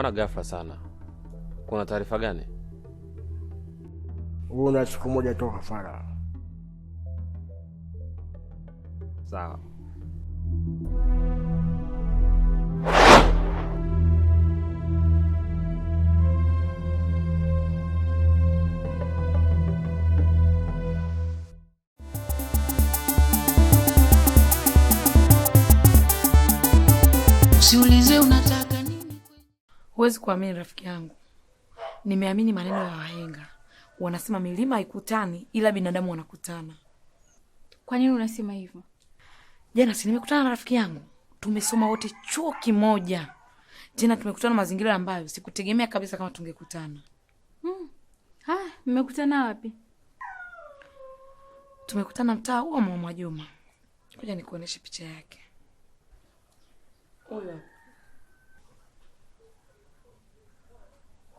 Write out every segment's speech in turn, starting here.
Mbona ghafla sana? Kuna taarifa gani? Una siku moja toka fara Sawa. Huwezi kuamini rafiki yangu, nimeamini maneno ya wahenga. Wanasema milima haikutani, ila binadamu wanakutana. Kwa nini unasema hivyo? Jana si nimekutana na rafiki yangu, tumesoma wote chuo kimoja, tena tumekutana mazingira ambayo sikutegemea kabisa kama tungekutana. Hmm. Ha, ah, mmekutana wapi? Tumekutana mtaa huo wa Mama Juma. Ngoja nikuoneshe picha yake. Huyo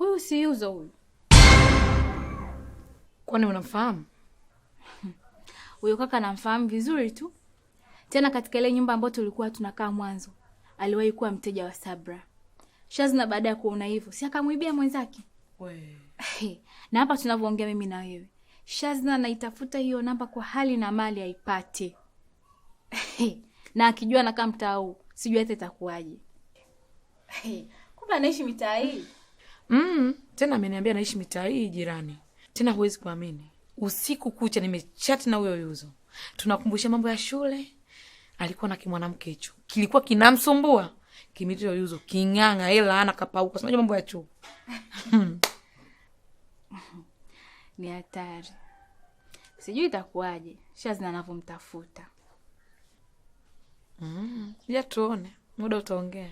Huyu si Yuzo huyu? Kwani unamfahamu huyo? Kaka namfahamu vizuri tu, tena katika ile nyumba ambayo tulikuwa tunakaa mwanzo, aliwahi kuwa mteja wa Sabra Shazna. Baada ya kuona hivyo, si akamwibia mwenzake? na hapa tunavyoongea mimi na wewe, Shazna anaitafuta hiyo namba kwa hali na mali aipate. na akijua nakaa mtaa huu, sijui hata itakuwaje. Kumbe anaishi mitaa hii mm, tena ameniambia naishi mitaa hii jirani. Tena huwezi kuamini, usiku kucha nimechati na huyo Yuzo, tunakumbusha mambo ya shule. Alikuwa na kimwanamke hicho kilikuwa kinamsumbua kimitio Yuzo, king'ang'a ela ana kapauka, sinaja mambo ya chuo ni hatari, sijui itakuwaje Shazi anavyomtafuta. Mm, ja tuone, muda utaongea.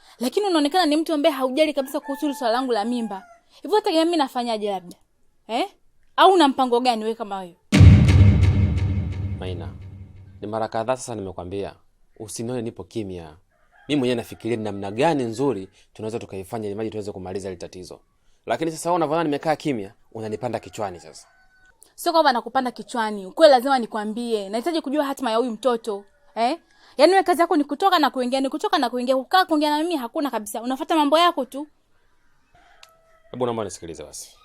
lakini unaonekana ni mtu ambaye haujali kabisa kuhusu hili swala langu la mimba. Hivyo hata mimi nafanyaje labda eh? Au na mpango gani we kama wewe? Maina, ni mara kadhaa sasa nimekwambia usinione nipo kimya. mi mwenyewe nafikiria ni namna gani nzuri tunaweza tukaifanya ili maji tuweze kumaliza hili tatizo, lakini sasa wewe unavyoona nimekaa kimya, unanipanda kichwani sasa. Sio kwamba nakupanda kichwani, ukweli lazima nikwambie. Nahitaji kujua hatima ya huyu mtoto eh? Yaani we kazi yako ni kutoka na kuingia, ni kutoka na kuingia. Kukaa kuongea na mimi hakuna kabisa, unafata mambo yako tu. Hebu naomba nisikilize basi.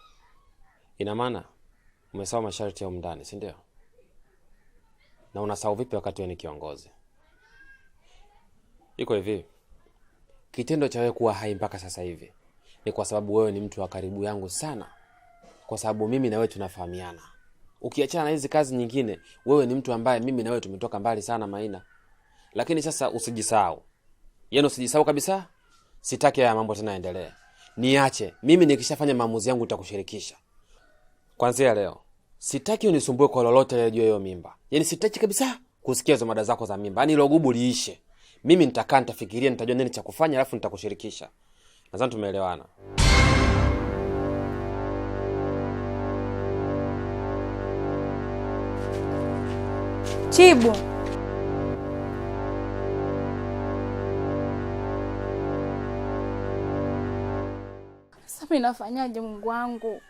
Ina maana umesawa masharti ya umndani si ndio? Na unasahau vipi wakati wewe ni kiongozi? Iko hivi, kitendo cha wewe kuwa hai mpaka sasa hivi ni kwa sababu wewe ni mtu wa karibu yangu sana, kwa sababu mimi na wewe tunafahamiana ukiachana na hizi kazi nyingine, wewe ni mtu ambaye mimi na wewe tumetoka mbali sana Maina, lakini sasa usijisahau, yani usijisahau kabisa. Sitaki haya mambo tena yaendelee, niache mimi. Nikishafanya maamuzi yangu nitakushirikisha. Kwanzia leo sitaki unisumbue kwa lolote leo hiyo mimba, yani sitaki kabisa kusikia hizo mada zako za mimba, yani ilogubu liishe. Mimi nitakaa, nitafikiria, nitajua nini cha kufanya, alafu nitakushirikisha. nazani tumeelewana. kutibu. Sasa mimi nafanyaje Mungu wangu?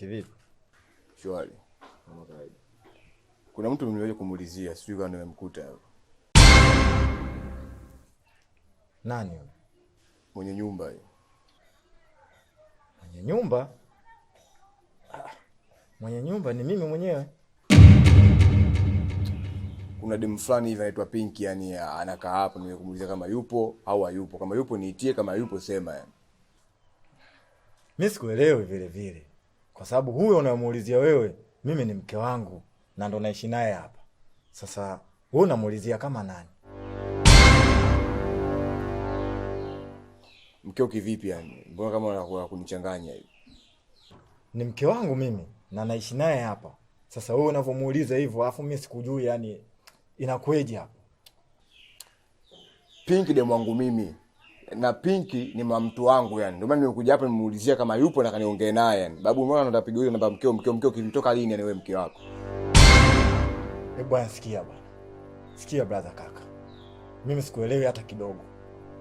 fresh vipi? Shwari kama kawaida. Kuna mtu mliwaje kumulizia sijui kama nimemkuta hapo. Nani huyo? Mwenye nyumba hiyo. Mwenye nyumba? Ah, mwenye nyumba ni mimi mwenyewe. Kuna demu fulani hivi anaitwa Pinki, yani anakaa hapo, nimekumuuliza kama yupo au hayupo. Kama yupo niitie, kama yupo sema yani. Mimi sikuelewi vile vile kwa sababu huyo unamuulizia wewe, mimi ni mke wangu na ndo naishi naye hapa. Sasa huyu unamuulizia kama nani? Mkeo kivipi? Yani mbona kama unakuwa kunichanganya hivi? Ni mke wangu mimi na naishi naye hapa. Sasa wewe unavyomuuliza hivyo, alafu mimi sikujui, yani inakueje hapo? Pinki demu wangu mimi na Pinki ni mamtu wangu yani. Ndio maana nimekuja hapa nimuulizia kama yupo na kaniongee naye yani. Babu mbona ndo napiga hiyo namba mkeo mkeo mkeo kilitoka lini yani wewe mke wako? e bwana sikia bwana. Sikia brother kaka. Mimi sikuelewi hata kidogo.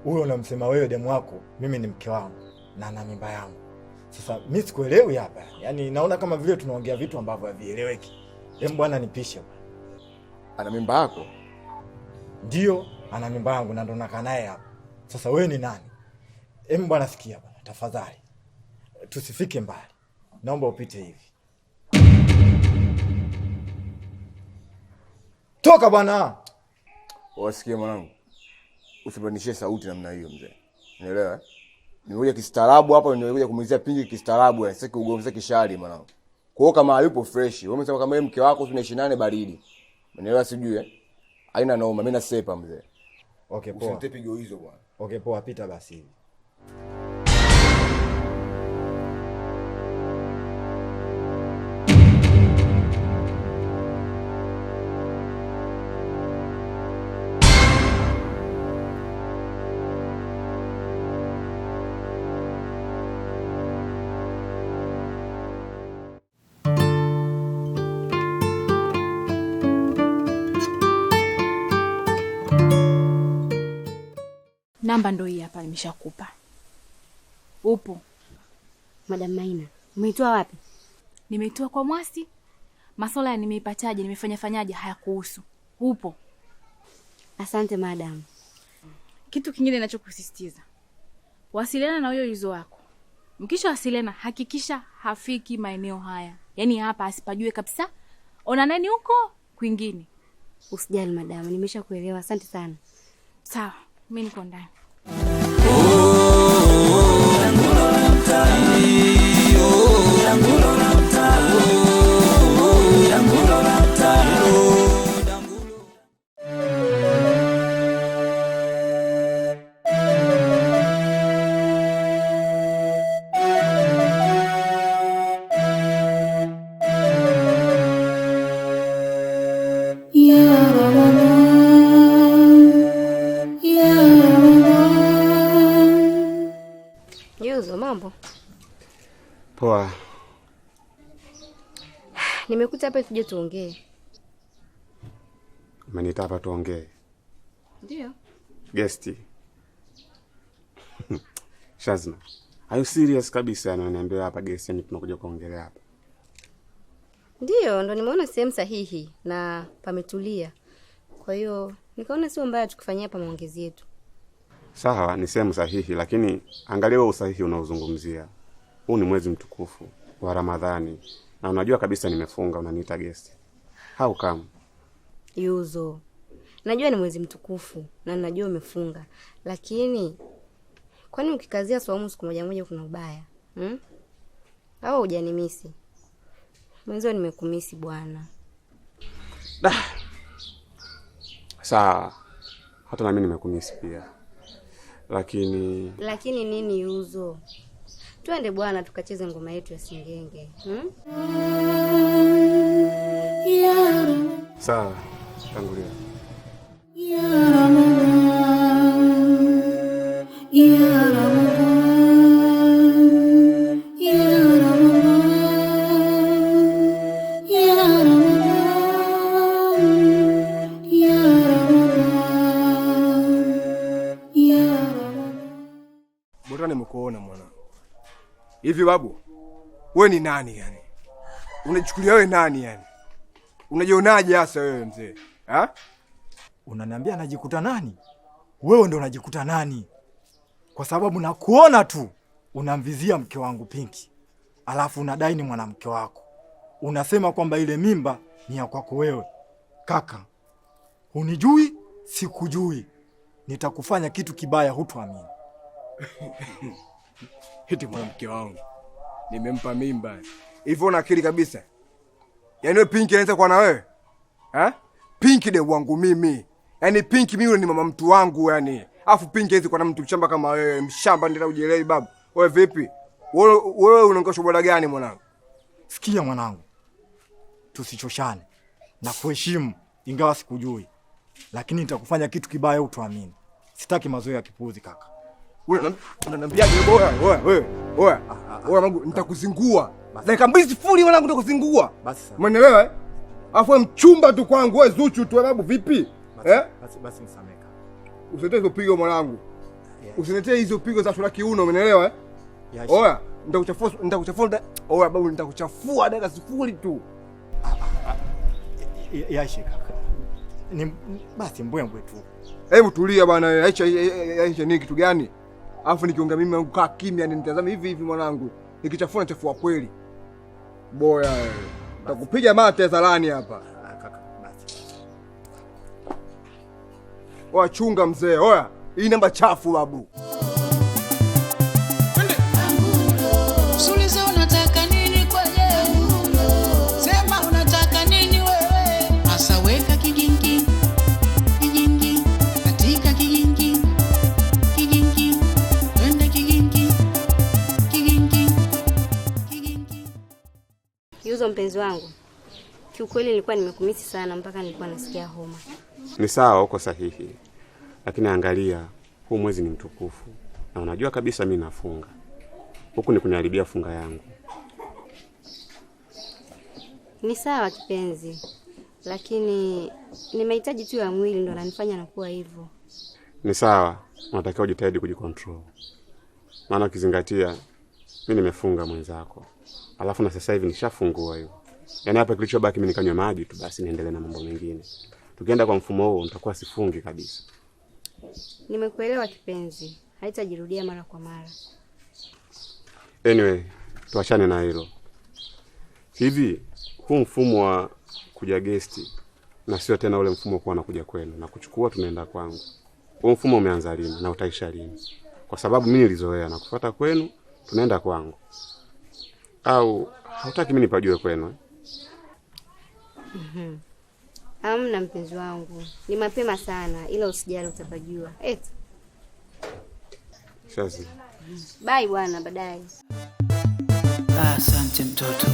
Huyo unamsema wewe demu wako, mimi ni mke wangu na na mimba yangu. Sasa mimi sikuelewi hapa. yani naona kama vile tunaongea vitu ambavyo havieleweki. Hem bwana nipishe bwana. Ana mimba yako? Ndio, ana mimba yangu na ndo nakaa naye hapa. Sasa wewe ni nani? Em bwana, sikia bwana, tafadhali tusifike mbali, naomba upite hivi. Toka bwana. Wasikie mwanangu, usipandishie sauti namna hiyo mzee, unaelewa? Eh? Nimekuja kistaarabu hapa, nimekuja kumuizia pingi kistaarabu, eh? sasa kiugomze kishari mwanangu. Kwa hiyo kama hayupo fresh, wewe umesema kama yeye mke wako tunaishi nane baridi, unaelewa? Sijui eh, haina noma, mimi nasepa mzee. Okay, poa, usitete hizo bwana. Okay, poa, pita basi hivi. Namba ndo hii hapa, nimeshakupa. Upo Madam Maina? Umeitoa wapi? Nimeitoa kwa Mwasi. Masuala ya nimeipataje, fanyaje, hayakuhusu. Upo? Asante madam. Kitu kingine ninachokusisitiza, wasiliana na huyo yuzo wako. wasiliana hakikisha hafiki maeneo haya, yaani hapa asipajue kabisa. Ona nani huko kwingine. Usijali madam, nimeshakuelewa. Asante sana. Sawa. மென் கொண்டான் Mwanzo, mambo poa. Nimekuta hapa tuje tuongee. Umeniita hapa tuongee? Ndio gesti Shazna, are you serious kabisa? unaniambia hapa gesti, ni yaani tunakuja kuongelea hapa. Ndiyo, ndo nimeona sehemu sahihi na pametulia, kwa hiyo nikaona sio mbaya tukifanyia hapa maongezi yetu sawa, ni sehemu sahihi, lakini angalia wewe usahihi unaozungumzia. Huu ni mwezi mtukufu wa Ramadhani na unajua kabisa nimefunga, unaniita guest. How come? Yuzo, najua ni mwezi mtukufu na najua umefunga, lakini kwani ukikazia swaumu siku moja moja kuna ubaya hmm? Au hujanimisi mwenzio? Nimekumisi bwana. da Sawa, hata nami nimekumisi pia lakini lakini nini uzo? Twende bwana, tukacheze ngoma yetu ya singenge hmm? yeah. Sawa, tangulia yeah. yeah. nimekuona mwanangu. Hivi babu, we ni nani yani? Unachukulia wewe nani yani? Unajionaje hasa wewe mzee? Ha? Unaniambia najikuta nani? Wewe ndo unajikuta nani? Kwa sababu nakuona tu unamvizia mke wangu Pinki, alafu unadai ni mwanamke wako. Unasema kwamba ile mimba ni ya kwako wewe. Kaka, unijui sikujui. Nitakufanya kitu kibaya, hutuamini. Eti mwanamke wangu nimempa mimba hivyo, una akili kabisa? Yaani wewe Pinki anaweza kuwa na wewe ha? Pinki de wangu mimi, yaani Pinki mimi ni mama mtu wangu yani, afu Pinki hawezi kuwa na mtu mshamba kama wewe. Mshamba ndio ujielewi babu. Wewe vipi wewe, unaongea shoboda gani mwanangu? Sikia mwanangu, tusichoshane na kuheshimu, ingawa sikujui, lakini nitakufanya kitu kibaya, utuamini. Sitaki mazoea ya kipuzi kaka. Unaniambiaje bora wewe wewe wewe wewe nitakuzingua. Dakika mbili sifuri mwanangu nitakuzingua. Basi Umeelewa? Afu mchumba tu kwangu wewe Zuchu tu babu vipi? Eh? Basi basi pigo mwanangu. Usiletee hizo pigo za sura kiuno umeelewa? Oya, nitakuchafua nitakuchafua. Oya babu nitakuchafua dakika sifuri tu. kaka. Ni basi mbwembwe tu. Hebu tulia bwana, aisha ni kitu gani? Alafu nikiongea mimi kaa kimya nitazame hivi hivi mwanangu. Nikichafua nachafua kweli. Boya wewe. Nitakupiga mate zalani hapa. Wachunga mzee, oya. Hii namba chafu babu. tatizo mpenzi wangu, kiukweli nilikuwa nimekumisi sana mpaka nilikuwa nasikia homa. Ni sawa, uko sahihi, lakini angalia, huu mwezi ni mtukufu na unajua kabisa mi nafunga huku, ni kuniharibia funga yangu. Ni sawa kipenzi, lakini ni mahitaji tu ya mwili ndo nanifanya nakuwa hivyo. Ni sawa, unatakiwa ujitahidi kujikontrol, maana ukizingatia mi nimefunga mwenzako. Alafu na sasa hivi nishafungua hiyo. Yaani hapa kilichobaki mimi nikanywa maji tu basi niendelee na mambo mengine. Tukienda kwa mfumo huo nitakuwa sifungi kabisa. Nimekuelewa kipenzi. Haitajirudia mara kwa mara. Anyway, tuachane na hilo. Hivi huu mfumo wa kuja gesti na sio tena ule mfumo kuwa nakuja kwenu na kuchukua tunaenda kwangu. Huu mfumo umeanza lini na utaisha lini? Kwa sababu mimi nilizoea na kufuata kwenu tunaenda kwangu au hautaki mimi nipajue kwenu? mm hamna -hmm. Mpenzi wangu, ni mapema sana, ila usijali, utapajua. Eti eh. sasa, bye bwana, baadaye. Asante mtoto.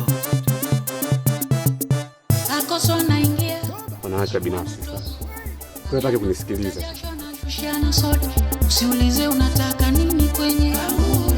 Akoso naingia wanawake binafsi, unataka kunisikiliza? Usiulize unataka nini kwenye amu.